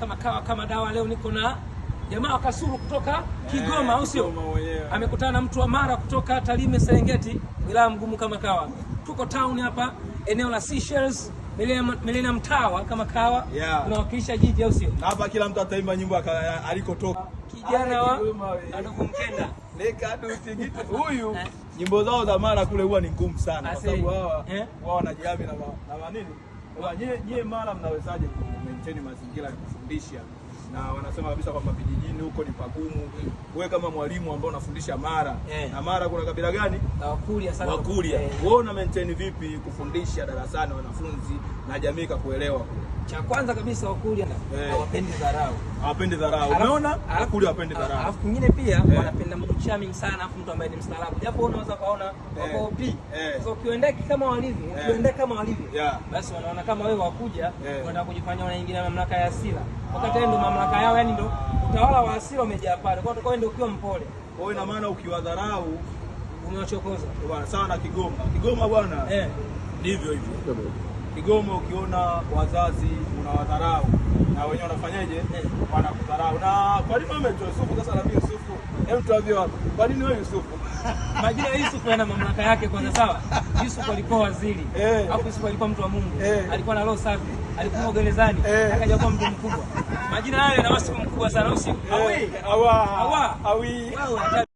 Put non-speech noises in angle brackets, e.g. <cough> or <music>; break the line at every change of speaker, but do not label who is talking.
kama kawa kama dawa. Leo niko na jamaa akasuru kutoka Kigoma, au sio? Amekutana na mtu wa Mara kutoka Tarime, Serengeti, bila mgumu kama kawa. Tuko town hapa eneo la Seashells Millennium Tower kama kawa yeah. jiji au sio?
Hapa kila mtu ataimba nyimbo alikotoka.
Kijana wa ndugu Mkenda
huyu nyimbo zao za Mara kule huwa ni ngumu sana kwa ah, sababu hawa eh? wao wanajiami na na nini Nyie Mara mnawezaje ku mazingira ya kufundisha, na wanasema kabisa kwamba vijijini huko ni pagumu. Wewe kama mwalimu ambao unafundisha Mara yeah. na Mara kuna kabila gani?
Wakurya sana.
Wakurya. Eh. Wewe una maintain vipi kufundisha darasani wanafunzi na jamii kakuelewa kule?
cha kwanza kabisa Wakurya eh. hawapendi dharau,
hawapendi dharau. Umeona, Wakurya hawapendi dharau. Alafu
kingine pia eh. wanapenda mtu charming sana, afu mtu ambaye ni mstaarabu, japo unaweza kuona wako yeah. Yeah. So ukiendeki kama walivyo, yeah. ukiendeka kama walivyo, Yeah. basi wanaona kama wewe Wakurya unataka eh. kujifanya unaingilia mamlaka ya asila, wakati ah. ndio mamlaka yao, yani ndio utawala wa asila umejaa pale. Kwa hiyo ndio ukiwa mpole,
kwa hiyo ina maana ukiwadharau umewachokoza bwana. Sawa na Kigoma, Kigoma bwana, ndivyo hivyo. Kigoma ukiona wazazi unawadharau na wenyewe wanafanyaje? Eh. Wanakudharau. Na kwa nini mama Yusufu sasa nabii Yusufu? Hebu tuambie wapi. Kwa nini wewe Yusufu?
<laughs> Majina ya Yusufu yana mamlaka yake kwanza sawa? Yusufu alikuwa waziri. Eh. au Yusufu alikuwa mtu wa Mungu. Eh. Alikuwa na roho safi. Alikuwa gerezani. Akaja kuwa mtu mkubwa. Majina yale yana wasifu mkubwa sana usiku. Awi. Awa.
Awi.